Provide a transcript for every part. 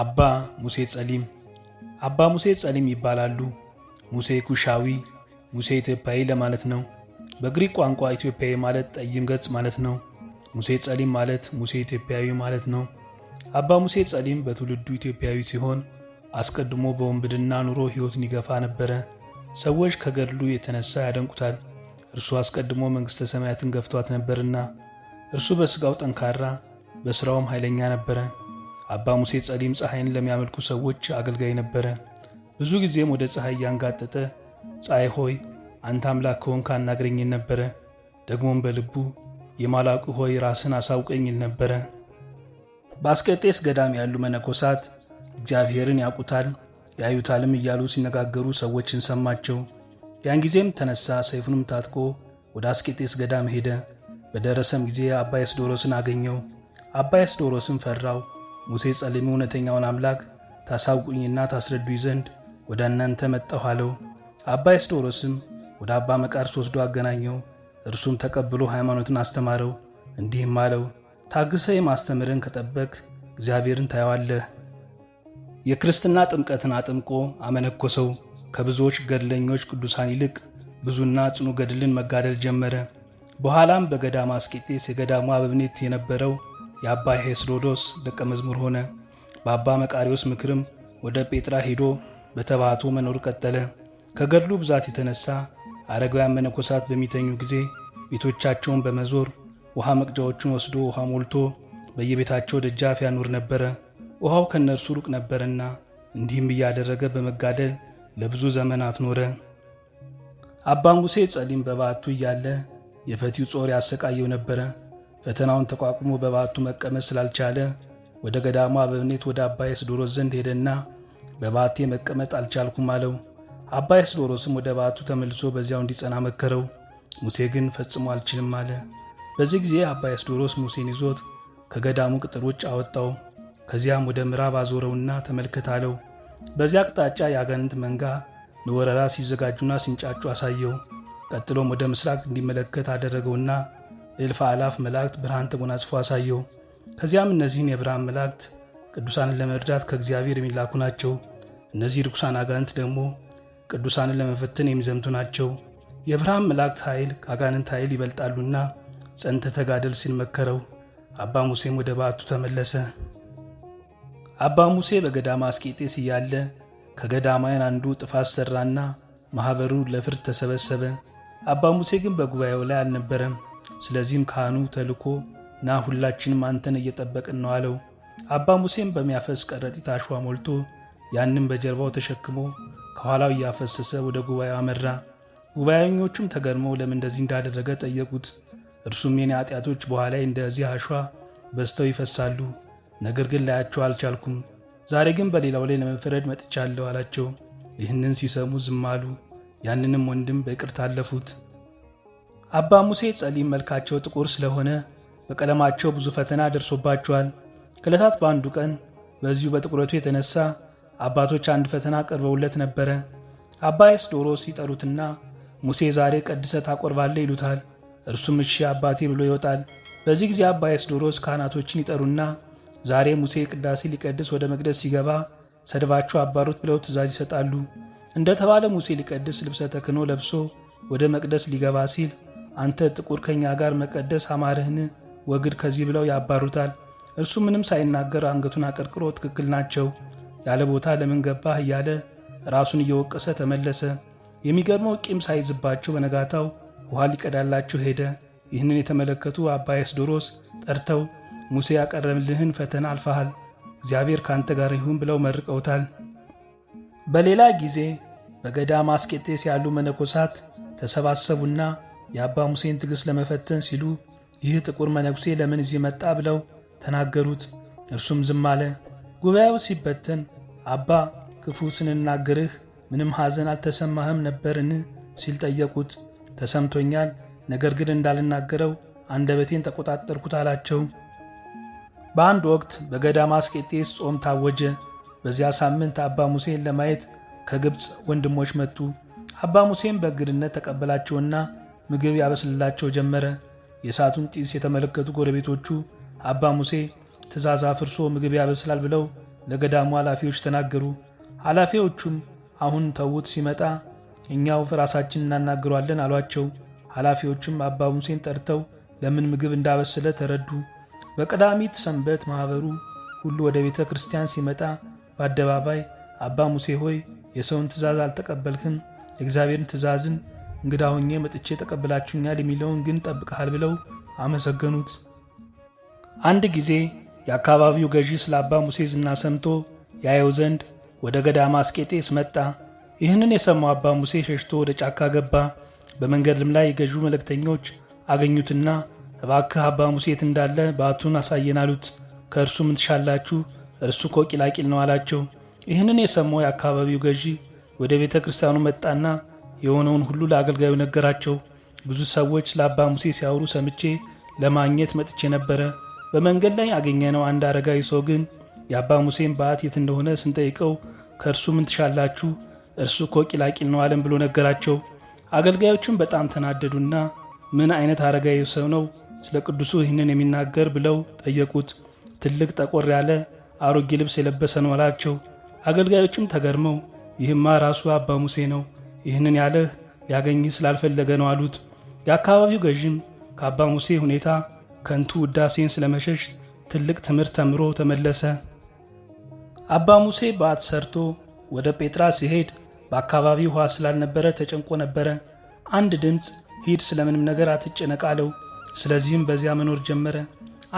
አባ ሙሴ ጸሊም አባ ሙሴ ጸሊም ይባላሉ። ሙሴ ኩሻዊ፣ ሙሴ ኢትዮጵያዊ ለማለት ነው። በግሪክ ቋንቋ ኢትዮጵያዊ ማለት ጠይም ገጽ ማለት ነው። ሙሴ ጸሊም ማለት ሙሴ ኢትዮጵያዊ ማለት ነው። አባ ሙሴ ጸሊም በትውልዱ ኢትዮጵያዊ ሲሆን አስቀድሞ በወንብድና ኑሮ ሕይወትን ይገፋ ነበረ። ሰዎች ከገድሉ የተነሳ ያደንቁታል። እርሱ አስቀድሞ መንግሥተ ሰማያትን ገፍቷት ነበርና። እርሱ በሥጋው ጠንካራ፣ በሥራውም ኃይለኛ ነበረ። አባ ሙሴ ጸሊም ፀሐይን ለሚያመልኩ ሰዎች አገልጋይ ነበረ። ብዙ ጊዜም ወደ ፀሐይ እያንጋጠጠ ፀሐይ ሆይ አንተ አምላክ ከሆንክ አናግረኝን ነበረ። ደግሞም በልቡ የማላቁ ሆይ ራስን አሳውቀኝ ይል ነበረ። በአስቄጤስ ገዳም ያሉ መነኮሳት እግዚአብሔርን ያውቁታል ያዩታልም እያሉ ሲነጋገሩ ሰዎችን ሰማቸው። ያን ጊዜም ተነሳ፣ ሰይፉንም ታጥቆ ወደ አስቄጤስ ገዳም ሄደ። በደረሰም ጊዜ አባ ያስዶሮስን አገኘው። አባ ያስዶሮስን ፈራው። ሙሴ ጸልም እውነተኛውን አምላክ ታሳውቁኝና ታስረዱኝ ዘንድ ወደ እናንተ መጣሁ አለው። አባ ኤስጦሮስም ወደ አባ መቃርስ ወስዶ አገናኘው። እርሱም ተቀብሎ ሃይማኖትን አስተማረው። እንዲህም አለው፣ ታግሰ የማስተምርን ከጠበቅ እግዚአብሔርን ታየዋለህ። የክርስትና ጥምቀትን አጥምቆ አመነኮሰው። ከብዙዎች ገድለኞች ቅዱሳን ይልቅ ብዙና ጽኑ ገድልን መጋደል ጀመረ። በኋላም በገዳማ አስቄጤስ የገዳሙ አበብኔት የነበረው የአባ ሄስሮዶስ ደቀ መዝሙር ሆነ። በአባ መቃሪዎስ ምክርም ወደ ጴጥራ ሄዶ በተባቱ መኖር ቀጠለ። ከገድሉ ብዛት የተነሳ አረጋውያን መነኮሳት በሚተኙ ጊዜ ቤቶቻቸውን በመዞር ውሃ መቅጃዎቹን ወስዶ ውሃ ሞልቶ በየቤታቸው ደጃፍ ያኖር ነበረ። ውሃው ከእነርሱ ሩቅ ነበረና እንዲህም እያደረገ በመጋደል ለብዙ ዘመናት ኖረ። አባ ጸሊም በባቱ እያለ የፈቲው ጾር ያሰቃየው ነበረ። ፈተናውን ተቋቁሞ በባቱ መቀመጥ ስላልቻለ ወደ ገዳሙ አበምኔት ወደ አባ ስዶሮስ ዘንድ ሄደና በባቴ መቀመጥ አልቻልኩም አለው። አባ ስዶሮስም ወደ ባቱ ተመልሶ በዚያው እንዲጸና መከረው። ሙሴ ግን ፈጽሞ አልችልም አለ። በዚህ ጊዜ አባ ስዶሮስ ሙሴን ይዞት ከገዳሙ ቅጥር ውጭ አወጣው። ከዚያም ወደ ምዕራብ አዞረውና ተመልከት አለው። በዚያ አቅጣጫ የአጋንንት መንጋ ለወረራ ሲዘጋጁና ሲንጫጩ አሳየው። ቀጥሎም ወደ ምስራቅ እንዲመለከት አደረገውና የእልፍ አላፍ መላእክት ብርሃን ተጎናጽፎ አሳየው። ከዚያም እነዚህን የብርሃን መላእክት ቅዱሳንን ለመርዳት ከእግዚአብሔር የሚላኩ ናቸው። እነዚህ ርኩሳን አጋንንት ደግሞ ቅዱሳንን ለመፈተን የሚዘምቱ ናቸው። የብርሃን መላእክት ኃይል ከአጋንንት ኃይል ይበልጣሉና ጸንተ ተጋደል ሲል መከረው። አባ ሙሴም ወደ ባቱ ተመለሰ። አባ ሙሴ በገዳማ አስቄጤስ እያለ ከገዳማውያን አንዱ ጥፋት ሠራና ማኅበሩ ለፍርድ ተሰበሰበ። አባ ሙሴ ግን በጉባኤው ላይ አልነበረም። ስለዚህም ካህኑ ተልኮ ና ሁላችንም አንተን እየጠበቅን ነው አለው። አባ ሙሴም በሚያፈስ ቀረጢት አሸዋ ሞልቶ ያንም በጀርባው ተሸክሞ ከኋላው እያፈሰሰ ወደ ጉባኤው አመራ። ጉባኤኞቹም ተገርመው ለምን እንደዚህ እንዳደረገ ጠየቁት። እርሱም የኔ ኃጢአቶች በኋላይ እንደዚህ አሸዋ በዝተው ይፈሳሉ፣ ነገር ግን ላያቸው አልቻልኩም። ዛሬ ግን በሌላው ላይ ለመፍረድ መጥቻለሁ አላቸው። ይህንን ሲሰሙ ዝም አሉ። ያንንም ወንድም በይቅርታ አለፉት። አባ ሙሴ ጸሊም መልካቸው ጥቁር ስለሆነ በቀለማቸው ብዙ ፈተና ደርሶባቸዋል። ከዕለታት በአንዱ ቀን በዚሁ በጥቁረቱ የተነሳ አባቶች አንድ ፈተና ቀርበውለት ነበረ። አባ ኤስዶሮስ ይጠሩትና ሙሴ ዛሬ ቀድሰ ታቆርባለ ይሉታል። እርሱም እሺ አባቴ ብሎ ይወጣል። በዚህ ጊዜ አባ ኤስዶሮስ ካህናቶችን ይጠሩና ዛሬ ሙሴ ቅዳሴ ሊቀድስ ወደ መቅደስ ሲገባ ሰድባችሁ አባሩት ብለው ትእዛዝ ይሰጣሉ። እንደተባለ ሙሴ ሊቀድስ ልብሰ ተክህኖ ለብሶ ወደ መቅደስ ሊገባ ሲል አንተ ጥቁር ከኛ ጋር መቀደስ አማርህን ወግድ ከዚህ ብለው ያባሩታል። እርሱ ምንም ሳይናገር አንገቱን አቀርቅሮ ትክክል ናቸው ያለ ቦታ ለምን ገባህ እያለ ራሱን እየወቀሰ ተመለሰ። የሚገርመው ቂም ሳይዝባቸው በነጋታው ውሃ ሊቀዳላችሁ ሄደ። ይህንን የተመለከቱ አባ ዶሮስ ጠርተው ሙሴ ያቀረብልህን ፈተና አልፈሃል፣ እግዚአብሔር ከአንተ ጋር ይሁን ብለው መርቀውታል። በሌላ ጊዜ በገዳ አስቄጤስ ያሉ መነኮሳት ተሰባሰቡና የአባ ሙሴን ትዕግሥት ለመፈተን ሲሉ ይህ ጥቁር መነኩሴ ለምን እዚህ መጣ ብለው ተናገሩት። እርሱም ዝም አለ። ጉባኤው ሲበተን አባ ክፉ ስንናገርህ ምንም ሐዘን አልተሰማህም ነበርን? ሲል ጠየቁት። ተሰምቶኛል፣ ነገር ግን እንዳልናገረው አንደበቴን ተቆጣጠርኩት አላቸው። በአንድ ወቅት በገዳመ አስቄጤስ ጾም ታወጀ። በዚያ ሳምንት አባ ሙሴን ለማየት ከግብፅ ወንድሞች መጡ። አባ ሙሴን በእንግድነት ተቀበላቸውና ምግብ ያበስልላቸው ጀመረ። የእሳቱን ጢስ የተመለከቱ ጎረቤቶቹ አባ ሙሴ ትእዛዝ አፍርሶ ምግብ ያበስላል ብለው ለገዳሙ ኃላፊዎች ተናገሩ። ኃላፊዎቹም አሁን ተዉት፣ ሲመጣ እኛው ራሳችን እናናግሯለን አሏቸው። ኃላፊዎቹም አባ ሙሴን ጠርተው ለምን ምግብ እንዳበሰለ ተረዱ። በቀዳሚት ሰንበት ማኅበሩ ሁሉ ወደ ቤተ ክርስቲያን ሲመጣ በአደባባይ አባ ሙሴ ሆይ የሰውን ትእዛዝ አልተቀበልህም፣ የእግዚአብሔርን ትእዛዝን እንግዳ ሆኜ መጥቼ ተቀብላችሁኛል የሚለውን ግን ጠብቀሃል ብለው አመሰገኑት። አንድ ጊዜ የአካባቢው ገዢ ስለ አባ ሙሴ ዝና ሰምቶ ያየው ዘንድ ወደ ገዳማ አስቄጤስ መጣ። ይህንን የሰማው አባ ሙሴ ሸሽቶ ወደ ጫካ ገባ። በመንገድም ላይ የገዢው መልእክተኞች አገኙትና እባክህ አባ ሙሴት እንዳለ ባቱን አሳየን አሉት። ከእርሱ ምን ትሻላችሁ? እርሱ ኮቂላቂል ነው አላቸው። ይህንን የሰማው የአካባቢው ገዢ ወደ ቤተ ክርስቲያኑ መጣና የሆነውን ሁሉ ለአገልጋዩ ነገራቸው። ብዙ ሰዎች ስለ አባ ሙሴ ሲያወሩ ሰምቼ ለማግኘት መጥቼ ነበረ። በመንገድ ላይ ነው አንድ አረጋዊ ሰው ግን የአባ ሙሴን በዓት የት እንደሆነ ስንጠይቀው ከእርሱ ምን ትሻላችሁ? እርሱ እኮ ቂላቂል ነው አለም ብሎ ነገራቸው። አገልጋዮቹም በጣም ተናደዱና ምን አይነት አረጋዊ ሰው ነው ስለ ቅዱሱ ይህንን የሚናገር ብለው ጠየቁት። ትልቅ ጠቆር ያለ አሮጌ ልብስ የለበሰ ነው አላቸው። አገልጋዮቹም ተገርመው ይህማ ራሱ አባ ሙሴ ነው ይህንን ያለህ ሊያገኝ ስላልፈለገ ነው አሉት። የአካባቢው ገዥም ከአባ ሙሴ ሁኔታ ከንቱ ውዳሴን ስለመሸሽ ትልቅ ትምህርት ተምሮ ተመለሰ። አባ ሙሴ በዓት ሰርቶ ወደ ጴጥራ ሲሄድ በአካባቢው ውኃ ስላልነበረ ተጨንቆ ነበረ። አንድ ድምፅ ሂድ፣ ስለምንም ነገር አትጨነቅ አለው። ስለዚህም በዚያ መኖር ጀመረ።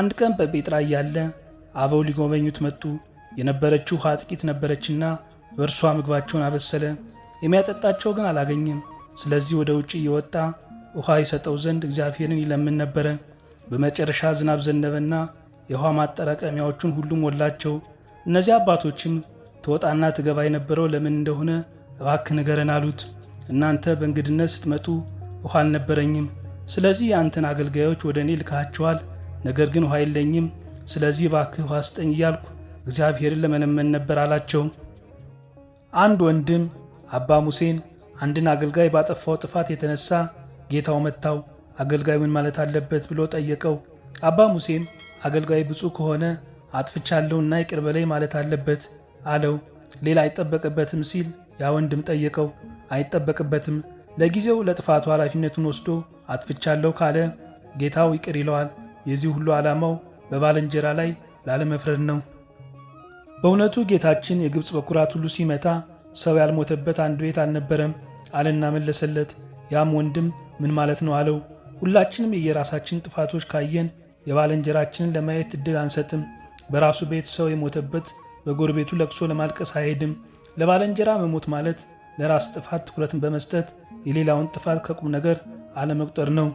አንድ ቀን በጴጥራ እያለ አበው ሊጎበኙት መጡ። የነበረችው ውኃ ጥቂት ነበረችና በእርሷ ምግባቸውን አበሰለ። የሚያጠጣቸው ግን አላገኘም። ስለዚህ ወደ ውጭ እየወጣ ውሃ ይሰጠው ዘንድ እግዚአብሔርን ይለምን ነበረ። በመጨረሻ ዝናብ ዘነበና የውሃ ማጠራቀሚያዎቹን ሁሉም ሞላቸው። እነዚህ አባቶችም ትወጣና ትገባ የነበረው ለምን እንደሆነ እባክህ ንገረን አሉት። እናንተ በእንግድነት ስትመጡ ውሃ አልነበረኝም፣ ስለዚህ የአንተን አገልጋዮች ወደ እኔ ልካችኋል፣ ነገር ግን ውሃ የለኝም፣ ስለዚህ እባክህ ውሃ ስጠኝ እያልኩ እግዚአብሔርን ለመለመን ነበር አላቸው። አንድ ወንድም አባ ሙሴን አንድን አገልጋይ ባጠፋው ጥፋት የተነሳ ጌታው መታው፣ አገልጋዩ ምን ማለት አለበት ብሎ ጠየቀው። አባ ሙሴም አገልጋይ ብፁዕ ከሆነ አጥፍቻለሁና ይቅር በለኝ ማለት አለበት አለው። ሌላ አይጠበቅበትም ሲል ያ ወንድም ጠየቀው። አይጠበቅበትም፣ ለጊዜው ለጥፋቱ ኃላፊነቱን ወስዶ አጥፍቻለሁ ካለ ጌታው ይቅር ይለዋል። የዚህ ሁሉ ዓላማው በባልንጀራ ላይ ላለመፍረድ ነው። በእውነቱ ጌታችን የግብፅ በኩራት ሁሉ ሲመታ ሰው ያልሞተበት አንድ ቤት አልነበረም አለና መለሰለት። ያም ወንድም ምን ማለት ነው አለው። ሁላችንም የየራሳችን ጥፋቶች ካየን የባለንጀራችንን ለማየት እድል አንሰጥም። በራሱ ቤት ሰው የሞተበት በጎረቤቱ ለቅሶ ለማልቀስ አይሄድም። ለባለንጀራ መሞት ማለት ለራስ ጥፋት ትኩረትን በመስጠት የሌላውን ጥፋት ከቁም ነገር አለመቁጠር ነው።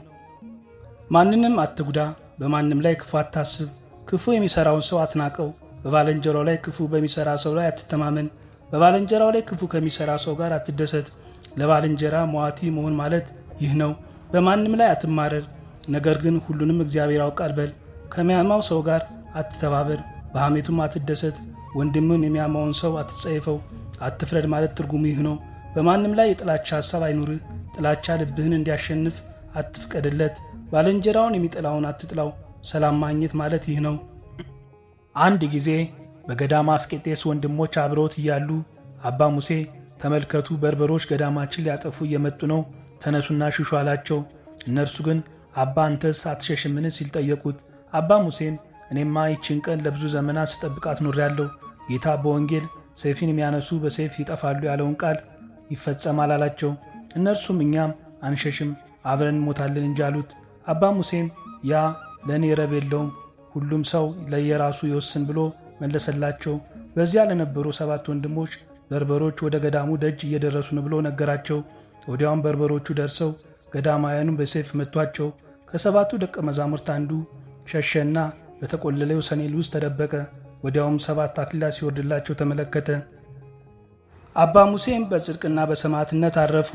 ማንንም አትጉዳ፣ በማንም ላይ ክፉ አታስብ፣ ክፉ የሚሰራውን ሰው አትናቀው፣ በባለንጀራው ላይ ክፉ በሚሰራ ሰው ላይ አትተማመን። በባልንጀራው ላይ ክፉ ከሚሰራ ሰው ጋር አትደሰት። ለባልንጀራ መዋቲ መሆን ማለት ይህ ነው። በማንም ላይ አትማረር፣ ነገር ግን ሁሉንም እግዚአብሔር ያውቃል በል። ከሚያማው ሰው ጋር አትተባበር፣ በሐሜቱም አትደሰት። ወንድምን የሚያማውን ሰው አትጸይፈው። አትፍረድ ማለት ትርጉሙ ይህ ነው። በማንም ላይ የጥላቻ ሐሳብ አይኑርህ። ጥላቻ ልብህን እንዲያሸንፍ አትፍቀድለት። ባልንጀራውን የሚጠላውን አትጥላው። ሰላም ማግኘት ማለት ይህ ነው። አንድ ጊዜ በገዳማ አስቄጤስ ወንድሞች አብረውት እያሉ አባ ሙሴ ተመልከቱ፣ በርበሮች ገዳማችን ሊያጠፉ እየመጡ ነው፣ ተነሱና ሽሹ አላቸው። እነርሱ ግን አባ አንተስ አትሸሽምን ሲል ጠየቁት። አባ ሙሴም እኔማ ይችን ቀን ለብዙ ዘመናት ስጠብቃት ኖሬያለሁ፣ ጌታ በወንጌል ሰይፊን የሚያነሱ በሰይፍ ይጠፋሉ ያለውን ቃል ይፈጸማል አላቸው። እነርሱም እኛም አንሸሽም አብረን እንሞታለን እንጂ አሉት። አባ ሙሴም ያ ለእኔ ረብ የለውም ሁሉም ሰው ለየራሱ ይወስን ብሎ መለሰላቸው። በዚያ ለነበሩ ሰባት ወንድሞች በርበሮች ወደ ገዳሙ ደጅ እየደረሱ ነው ብሎ ነገራቸው። ወዲያውም በርበሮቹ ደርሰው ገዳማውያኑን በሰይፍ መቷቸው። ከሰባቱ ደቀ መዛሙርት አንዱ ሸሸና በተቆለለው ሰኔል ውስጥ ተደበቀ። ወዲያውም ሰባት አክሊላ ሲወርድላቸው ተመለከተ። አባ ሙሴም በጽድቅና በሰማዕትነት አረፉ።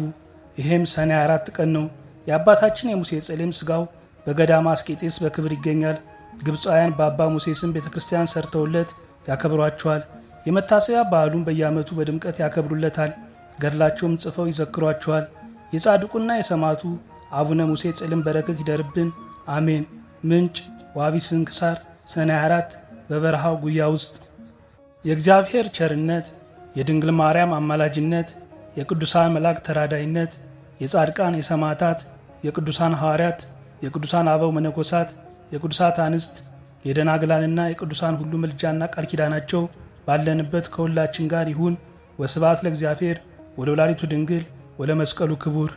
ይሄም ሰኔ አራት ቀን ነው። የአባታችን የሙሴ ጸሌም ስጋው በገዳማ አስቄጤስ በክብር ይገኛል። ግብፃውያን በአባ ሙሴ ስም ቤተ ክርስቲያን ሰርተውለት ያከብሯቸዋል። የመታሰቢያ በዓሉን በየዓመቱ በድምቀት ያከብሩለታል። ገድላቸውም ጽፈው ይዘክሯቸዋል። የጻድቁና የሰማዕቱ አቡነ ሙሴ ጽልም በረከት ይደርብን፣ አሜን። ምንጭ ዋቢ ስንክሳር ሰኔ 4 በበረሃው ጉያ ውስጥ የእግዚአብሔር ቸርነት፣ የድንግል ማርያም አማላጅነት፣ የቅዱሳን መላእክት ተራዳይነት፣ የጻድቃን የሰማዕታት፣ የቅዱሳን ሐዋርያት፣ የቅዱሳን አበው መነኮሳት የቅዱሳት አንስት የደናግላንና የቅዱሳን ሁሉ ምልጃና ቃል ኪዳናቸው ባለንበት ከሁላችን ጋር ይሁን። ወስብሐት ለእግዚአብሔር ወለወላዲቱ ድንግል ወለመስቀሉ ክቡር